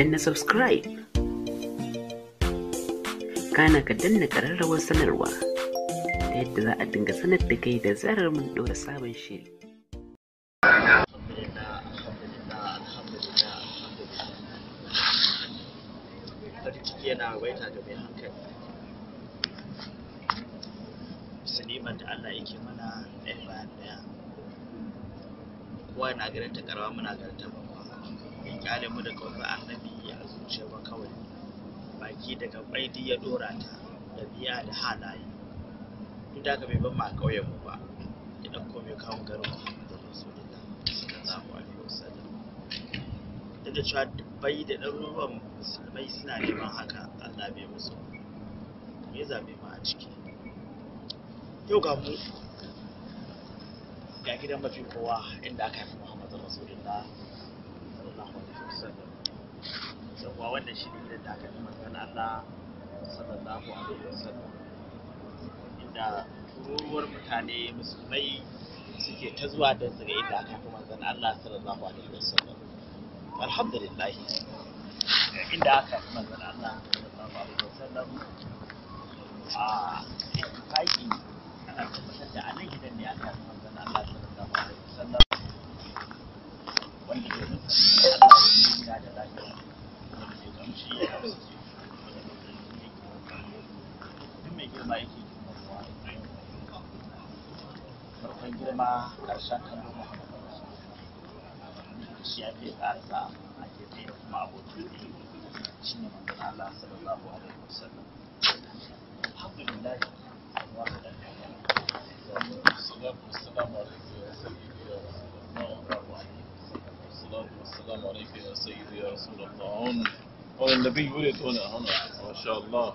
danna subscribe kana ka danna ƙararrawar sanarwa ta yadda za a dinga sanar da kai da zarar mun ɗora sabon shiri yana waita mai hankali na ganin karawa muna ta bai kyale mu da kaunar annabi a zuciya ba kawai baki daga gabai ya dora ta da biya da halaye duk da bai bar mu a ƙauyen mu ba ya ɗauko mai kawo garin mu, da Rasulullah sallallahu alaihi wasallam duk da cewa dubbai da ɗaruruwan musulmai suna neman haka Allah bai musu me zabe ma a ciki yau ga mu ga gidan mafi kowa inda aka haifi Muhammadu Rasulullah sallallahu alaihi wasallam yawa wannan shi ne gidan da aka yi manzon Allah sallallahu alaihi wasallam inda tururuwar mutane musulmai suke ta zuwa don su ga inda aka yi manzon Allah sallallahu alaihi wasallam alhamdulillah inda aka yi manzon Allah sallallahu alaihi wasallam a yaki girma yake farkon girma ƙarshen kallo shi ya fi ƙarsa a gefe da kuma abokin shi ne manzon Allah sallallahu alaihi wasallam alhamdulillah wa السلام عليكم يا سيدي يا رسول الله الصلاة والسلام عليك يا سيدي يا رسول الله هون النبي ولد هنا هنا ما شاء الله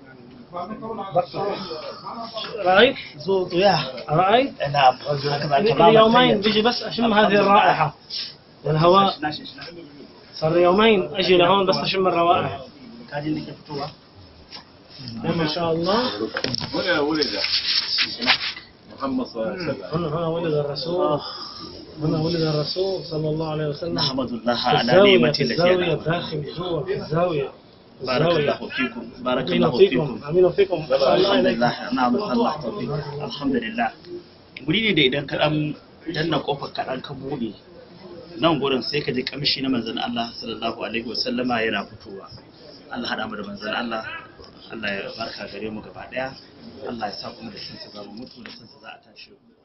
رأيت ذوقت وياه رأيت نعم قبل يومين بيجي بس أشم هذه الرائحة الهواء صار يومين أجي لهون بس أشم الروائح ما شاء الله ولا ولد محمد صلى الله عليه وسلم هنا ولد الرسول آه. هنا ولد الرسول صلى الله عليه وسلم نحمد الله على نعمة التي الزاوية داخل جوا في الزاوية بارك الله فيكم بارك الله فيكم امين فيكم الحمد لله نعم الله توفيق الحمد لله guri ne da idan kadan danna kofar kadan ka bude nan gurin sai ka ji kamshi na manzon Allah sallallahu alaihi wasallama yana fitowa Allah hada mu da manzon Allah Allah ya barka gare mu gaba daya Allah ya sa kuma da sun za mu mutu da sun za a tashi